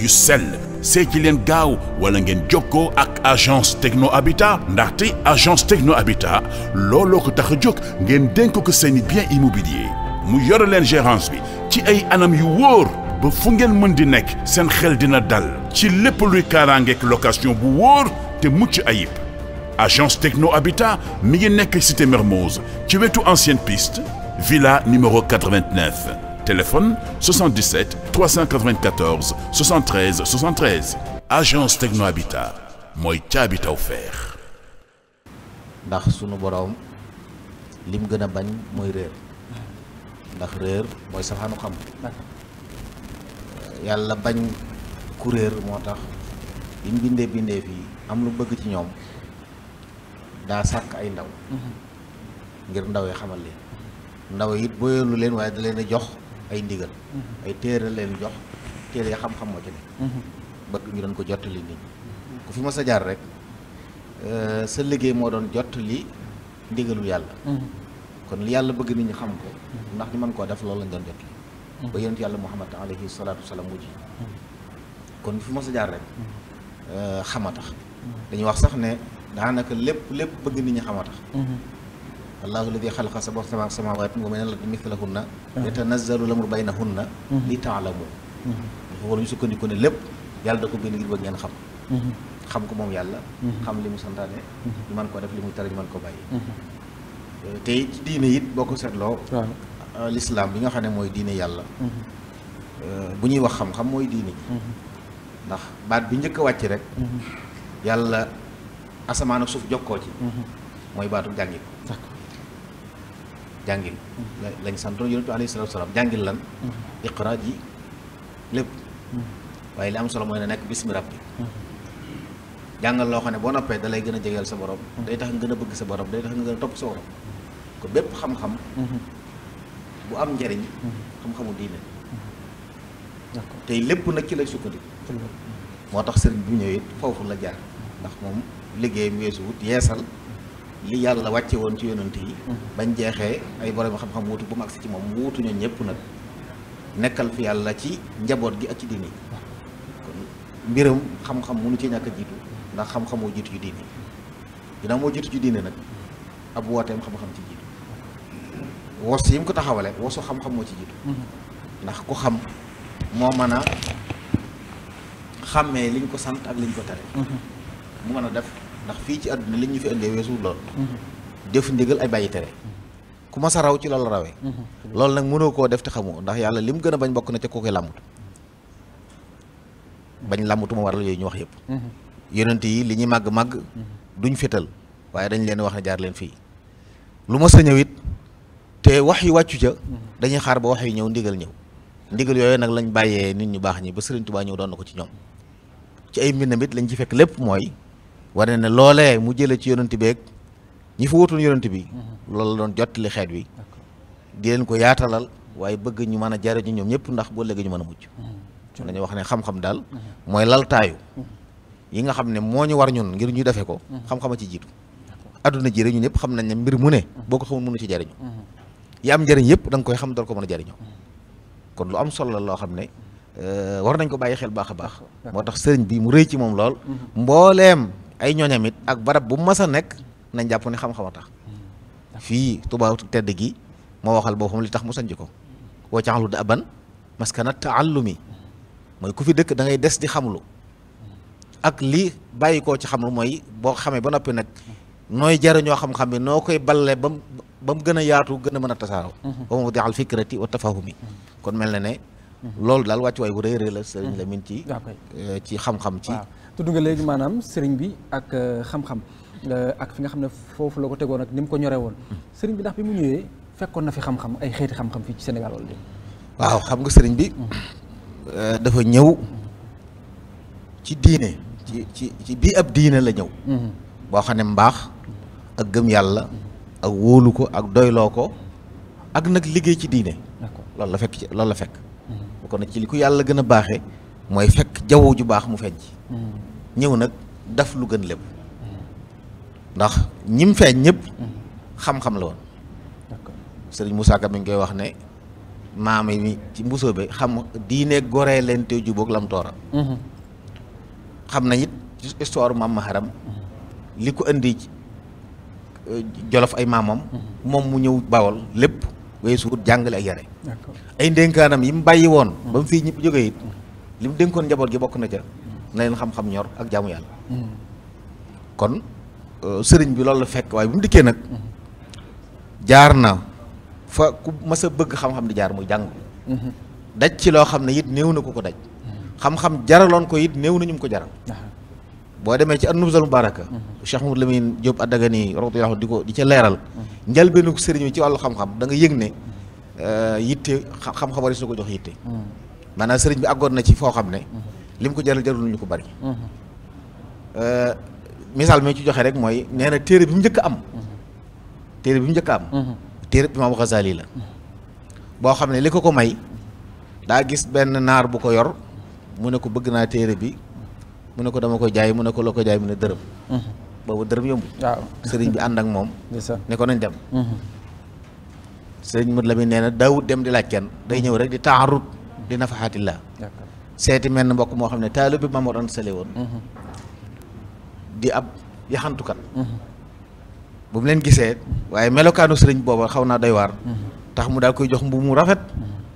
yu sel see ci leen gaaw wala ngeen jokkoo ak agence techno abita ndaxte agence techno habitat looloo ko tax a jóg ngeen dénk ko seeni bien immobilier mu yor leen gérance bi ci ay anam yu wóor ba fu ngeen mën di nekk seen xel di na dal ci lépp luy kaaraangeek location bu wóor te mucc ayib agence techno abita mi ngi nekk cité Mermoz ci wetu ancienne piste villa numéro 89 téléphone 77 394 73 73 agence Techno Habitat mooy ca Habitat offert. ndax sunu boroom lim gën a bañ mooy réer ndax réer mooy safaanu xam yàlla bañ ku réer moo tax li bindee bindee fii am lu bëgg ci ñoom daa sàkk ay ndaw mhm. ngir ndaw yi xamal leen ndaw it booyeelu leen waaye da leen a jox ay ndigal mhm. ay téere leen jox téere ya xam-xam moo ci ne mhm. bëgg ñu doon ko jottali nit ñi ku fi ma sa jaar rek euh, sa liggéey moo doon jottali ndigalu yàlla mhm. kon yàlla bëgg nit ñi xam ko ndax ñu man koo def loolu lañ doon jottali ba yonent yàlla muhammad alayhi salaatu wasalaam mujj kon fi ma sa jaar rek euh, xamatax dañuy wax sax ne daanaka lépp lépp bëgg nit ñi xamatax allahu alladi xalaqa sab'a samaawaati wa minal ardi mithlahunna yatanazzalu ah. l-amru baynahunna mhm. li taalamu wala mhm. ñu sukkandiku ne lépp yàlla da ko bind ngir bëgg ngeen xam mhm. xam ko moom yàlla xam li mu santaane ñu man koo def li mu tere ñu mën ko bàyyi euh, te ci diine it boo ko seetloo euh, lislaam bi nga xam ne mooy diine yàlla euh, bu ñuy wax xam-xam mooy diine ndax baat bi njëkk a wàcc rek yàlla asamaan ak suuf jokkoo ci mooy baatu jàngit jàngil lañ santoon yonent bi alayhi salaatu salaam jàngil lan mm-hmm. iqra ji lépp mm-hmm. waaye li am solo mooy ne nekk bismi rabbi mm-hmm. jàngal loo xam ne boo noppee dalay gën a jegeel sa borom day tax nga gën a bëgg sa borom day tax nga gën a topp sa borom ko bépp xam-xam bu am njariñ xam-xamu diine tey lépp nag ci lay sukkandiku moo tax sëriñ bu ñëwee foofu la jaar ndax moom liggéeyam weesu wut yeesal li yàlla wàcce woon ci yonant yi bañ jeexee ay borom xam-xam wuutu bu mag ci moom wuutu ñun ñëpp nag nekkal fi yàlla ci njaboot gi ak ci diini kon mbiram xam-xam mënu ci ñàkk a jiitu ndax xam-xam moo jiitu ci diini dina moo jiitu ci diini nag ab wooteem xam ci jiitu wos yi mu ko taxawale wosu xam-xam moo ci jiitu ndax ku xam moo mën a xàmmee liñ ko sant ak liñ ko tere mu mën a def ndax fii ci àdduna li ñu fi indee weesu lool. Mhm. def ndigal ay bàyyi tere. Mhm. ku ma sa raw ci loolu rawee. Mhm. loolu nag mënoo koo def te xamu ndax yàlla lim gën a bañ bokk na ca koo koy làmbut. bañ làmbutu ma waral yooyu ñu wax yëpp. yonent yi li ñuy màgg màgg. duñ fetal waaye dañ leen wax ne jaar leen fii. lu ma sa ñëwit te wax yu wàccu ca. dañuy xaar ba wax yu ñëw ndigal ñëw. ndigal yooyu nag lañ bàyyee nit ñu baax ñi ba Sëriñ Tuubaa ñëw doon na ko ci ñoom. ci ay mbindam lañ ci fekk lépp mooy. wane ne loolee mu jëlee ci yonent beeg ñi fa wutoon yonent bi mhm. loolu la doon jottali xeet wi di ko ko yaatalal waaye bëgg ñu mën a jariñu ñoom ñëpp ndax boo léegi ñu mën a mucc mën mhm. nañu wax ne xam-xam daal mhm. mooy laltaayu yi nga xam ne moo ñu war ñun ngir ñu defee ko xam a ci jiitu adduna ji ñu ñëpp xam nañ ne mbir mu ne boo ko xamul mënu ci jariñu yi am njëriñ yëpp danga koy xam dal ko mën a jariñoo kon lu am solo la loo xam ne euh, war nañ ko bàyyi xel baax a baax moo tax sëriñ bi mu rëy ci moom lool mbooleem ay ñooñam ak barab bu mas a nekk nañ jàpp ne xam-xam a tax hmm. fii Tuubaa tedd gi moo waxal boppam li tax mu sanc ko woo caxlu da aban maskana taallumi mooy ku fi dëkk dangay des di xamlu hmm. ak li bàyyi koo ci lu mooy boo xamee ba noppi nag nooy jariñoo xam-xam bi noo koy balle ba mu ba mu gën a yaatu gën a mën a tasaaroo ba hmm. mu di al fikrati wa tafahumi kon mel na ne loolu daal wàccu waay bu rëy rëy la sëriñ la min ci eh, ci xam-xam ci tudd nga léegi maanaam sëriñ bi ak euh, xam-xam euh, ak fi nga xam ne foofu la ko tegoon ak ni mu ko ñoree woon sëriñ bi ndax bi mu ñëwee fekkoon na fi xam-xam ay xeeti xam-xam fii ci Sénégal waaw xam nga sëriñ bi euh, dafa ñëw ci diine ci ci ci bii ab diine la ñëw mm-hmm. boo xam ne mbaax ak gëm yàlla ak wóolu ko ak doyloo ko ak nag liggéey ci diine loolu la fekk ci loolu la fekk mm-hmm. bokk na ci li ko yàlla gën a baaxee mooy fekk jaww ju baax mu feeñ mm. ñëw nag daf lu gën lépp ndax ñim feeñ ñëpp xam-xam la woon sëriñ Moussa Ka mi koy wax ne maam yi ci mbusoo bi xam diine goree leen te jubóog lam toora mm-hmm. xam na it histoire maam maharam mm-hmm. li ko indi euh, jolof ay maamam mm-hmm. moom mu ñëw bawol lépp weesu jàngale ak yare ay ndénkaanam yi mu bàyyi woon ba mu fii jógee it li mu dénkoon njaboot gi bokk na ca na leen xam-xam ñor ak jaamu yàlla. kon euh, sëriñ bi loolu la fekk waaye bu mu dikkee nag jaar na fa ku mas bëgg xam-xam di jaar mu jàng. daj ci loo xam ne it néew na ko ko daj. xam-xam jaraloon ko it néew na ñu mu ko jaral. boo demee ci an-Nubzatul Mubaaraka. Cheikh Mouhamadou Lamine Diop Adagani radiyallahu di ko di ca leeral. njëlbeenu sëriñ bi ci wàllu xam-xam da nga yëg ne euh, yitte xam-xam war su ko jox yitte. maanaam sëriñ bi àggoon na ci foo xam ne li mu ko jaral jarul ñu ko bari euh, misaal mi ci joxe rek mooy nee na téere bi mu njëkk am téere bi mu njëkk am téere bi Imaam Xasaali la boo xam ne li ko ko may daa gis benn naar bu ko yor mu ne ko bëgg naa téere bi mu ne ko dama ko jaay mu ne ko loo ko jaay mu ne dërëm boobu dërëm yombul sëriñ bi ànd ak moom ne ko nañ dem mm-hmm. sëriñ mët la mi nee na daawut dem di laaj kenn day ñëw rek di taarut di nafaxaatillah seeti menn mbokk moo xam ne taalu bi Mamoor Anta Sali woon mhm. di ab yaxantukat mhm. bu mu leen gisee waaye melokaanu sëriñ booba xaw naa doy waar mhm. tax mu daal koy jox mbubb mu rafet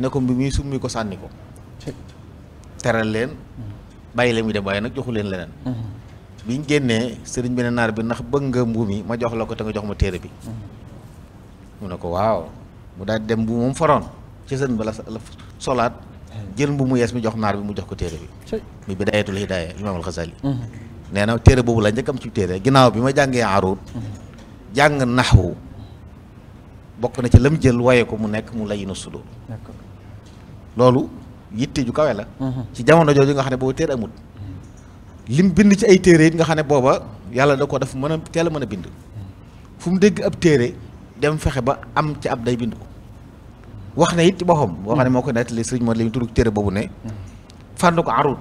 ne ko mbi summi ko sànni ko teral leen bàyyi leen muy dem waaye nag joxu leen leneen biñ génnee sëriñ bi ne naar bi ndax bëgg nga mbubb mi ma jox la ko te nga jox ma téere bi mu ne ko waaw mu daal dem mbubb moom foroon ci sën ba la solaat jël mbubb mu yees mi jox naar bi mu jox ko téere bi mi bidaayatul hidaaya imaam alxasali nee na téere boobu la njëkk am ci téere ginnaaw bi ma jàngee aruud jàng naxwu bokk na ci lam jël waye ko mu nekk mu lay na sudur loolu yitte ju kawe la ci jamono jooju nga xam ne boobu téere amut lim bind ci ay téere it nga xam ne booba yàlla da ko daf mën a teel a mën a bind fu mu dégg ab téere dem fexe ba am ci ab day bind ko wax na it ci boppam. boo xam ne hmm. moo ko nettali sëriñ Modou Lamine tudd téere boobu ne. Hmm. fànn ko arut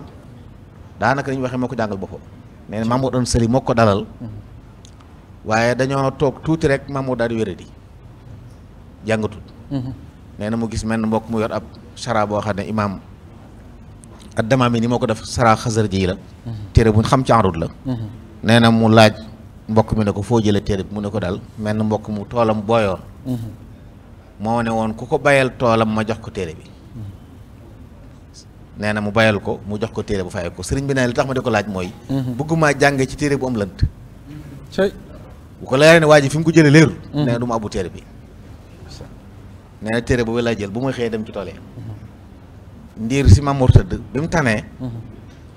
daanaka li ñu waxee moo ko jàngal boppam. nee na Mamour Anta moo ko dalal. Hmm. waaye dañoo toog tuuti rek Mamour daal di wéradi jàngatul. na mu gis menn mbokk mu yor ab chara boo xam ne imaam ak damaam yi ni moo ko def sara xasar ji la. téere bu xam ci arut la. nee na mu laaj mbokk mi ne ko foo jëlee téere bi mu ne ko daal menn mbokk mu toolam booyoor. moo ne woon ku ko bayal toolam ma jox ko téere bi nee na mu bayal ko mu jox ko téere bu fay ko sëriñ bi ne li tax ma de ko laaj mooy mhm. bëggumaa jànge ci téere bu am lënt bu ko leeree ne waa ji fi ko jëlee leerul mhm. nee na du ma abbu téere bi nee na téere boobu laa jël bu ma xëyee dem ci tool yi mhm. ndiir si Mamour tëdd bi mu tanee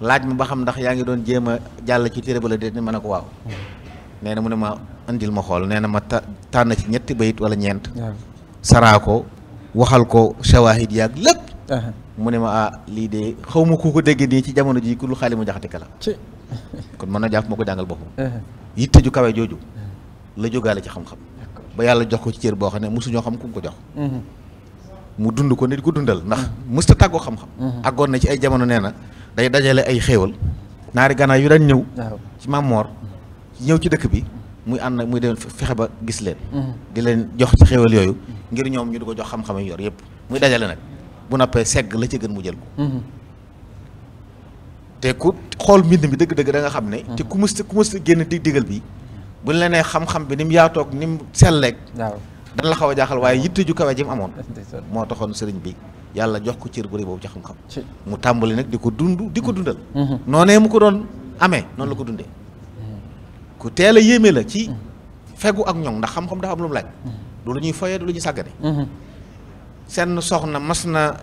laaj ma ba xam ndax yaa ngi doon jéem a jàll ci téere ba la déet ni ma ne ko waaw nee na mu ne ma indil ma xool nee na ma tànn ci ñetti bayit wala ñeent saraa ko waxal ko shawahid yaag lépp mu ne ma ah lii de xaw ma ku ko dégg nii ci jamono ji ku lu xaali mu jaxatika la kon mën na jàpp moo ko jàngal boppam yitte ju kawe jooju la jógaale ci xam-xam ba yàlla jox ko ci cër boo xam ne musuñoo xam ku mu ko jox mu dund ko nit ku dundal ndax musta tàggoo xam-xam àggoon na ci ay jamono nee na day dajale ay xéewal naari ganaar yu daan ñëw ci Mamor ñëw ci dëkk bi muy ànd nag muy dem fexe ba gis leen di leen jox ci xéewal yooyu ngir ñoom ñu di ko jox xam-xam yu yor yëpp muy dajale nag bu noppee segg la ca gën mu jël ko mm-hmm. te ku xool mbind mi dëgg-dëgg danga xam ne mm-hmm. te ku mës ku mës génn di digal bi buñ la nee xam-xam bi ni mu yaatoog ni mu selleeg waaw dan la xaw a jaaxal waaye yitte ju kawe ji mu amoon moo taxoon sëriñ bi yàlla jox ko cër bu boobu ci xam-xam mu tàmbali nag di ko dund di ko dundal mm-hmm. noonee mu ko doon amee noonu la ko dundee ku teel a yéeme la ci fegu ak ñoŋ ndax xam-xam dafa du lu ñuy foyee lu ñuy sàggane mm-hmm. seen soxna mas na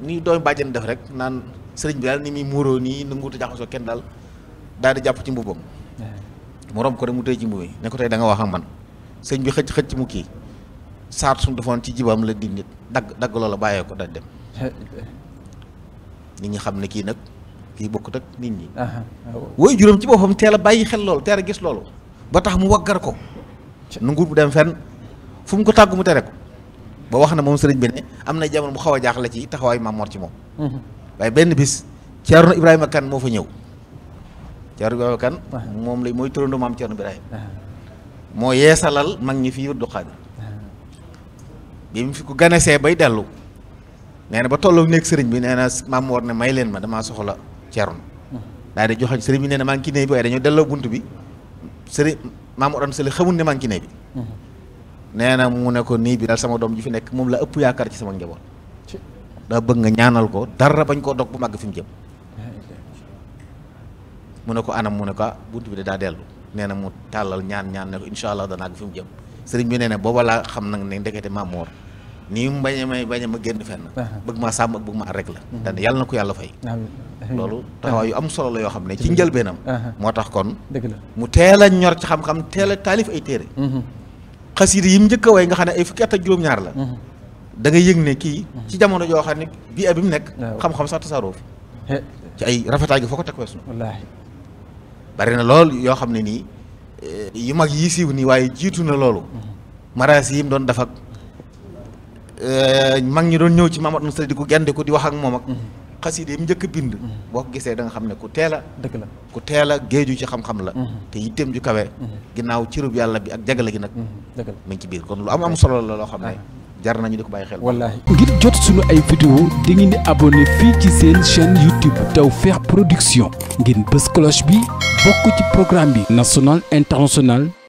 ni doomu bàjjen def rek naan sëriñ bi daal ni muy muuroo nii nanguutu jaxasoo kenn daal daal di jàpp ci mbubbam moroom romb ko rek mu tëj ci mbubi ne ko tey da nga man sëñ bi xëcc xëcc mu kii saat suñu defoon ci jibam la di nit dagg dagg loola bàyyee ko dañ dem nit ñi xam ne kii nag kii bokkut ak nit ñi oh. woy juróom ci boppam teela bàyyi xel loolu teel a gis loolu ba tax mu waggar ko nanguut bu dem fenn fu mu ko tàggu mu tere ko ba wax na moom sëriñ bi ne am na jamono bu xaw a jaaxle ci taxawaay Maam Mor ci moom mhm. waaye benn bis Ceerno Ibrahima Kan moo fa ñëw Ceerno Ibrahima lay mooy turando maam Ceerno Ibrahima moo yeesalal mag ñi fi wirdu xaadir bi mu fi ko ganesee bay dellu nee na ba tolloo nekk sëriñ bi nee na Maam Mor ne may leen ma damaa soxla Ceerno mhm. daal di joxañ sëriñ bi nee na maa ngi kinee bi waaye dañoo delloo bunt bi sëriñ Maam Mor an sëli ne maa ngi kinee bi mhm. nee na mu ne ko nii bi dal sama doom ji fi nekk moom la ëpp yaakaar ci sama njaboot daa bëgg nga ñaanal ko dara bañ koo dog bu màgg fi mu jëm mu ne ko anam mu ne ko ah bunt bi de daa dellu nee na mu tàllal ñaan ñaan ne ko incha allah danaa fi mu jëm sëriñ bi nee na booba laa xam nag ne ndekete maam moor nii mu may bañ ma génn fenn. bëgg maa sàmm ak bëgg maa rek la. dana yàlla na ko yàlla fay. loolu taxawaay yu am solo la yoo xam ne ci njëlbeenam. moo tax kon. dëgg mu teel a ñor ci xam teel taalif xasida yi mu njëkk a way nga xam ne ay fukki at ak juróom-ñaar la mhm. dangay nga yëg ne kii ci jamono joo xam ne bii a bi mu nekk xam-xam sax tasaaroo ci ay rafetaay gi foo ko teg weesu wallaahi bari na lool yoo xam ne nii eh, yu mag yi siiw nii waaye jiitu na loolu mhm. maraas yi mu doon def ak eh, mag ñi doon ñëw ci Mamadou Moussa di ko gende ko di wax ak moom ak mhm. xaside yi mu njëkk bind mm-hmm. boo ko gisee da nga xam ne ku teel a dëgg la ku teel a géeju ci xam-xam la mm-hmm. te yitteem ju kawe mm-hmm. ginnaaw cirub yàlla bi ak jagale gi nag dëgg la mu ngi ci biir kon lu am am solo la loo xam ne ah. jar nañu di ko bàyyi xel wallaahi ngir jot suñu ay vidéo di ngeen di abonné fii ci seen chaîne YouTube Tawfekh Production ngir bës cloche bi bokk ci programme bi national international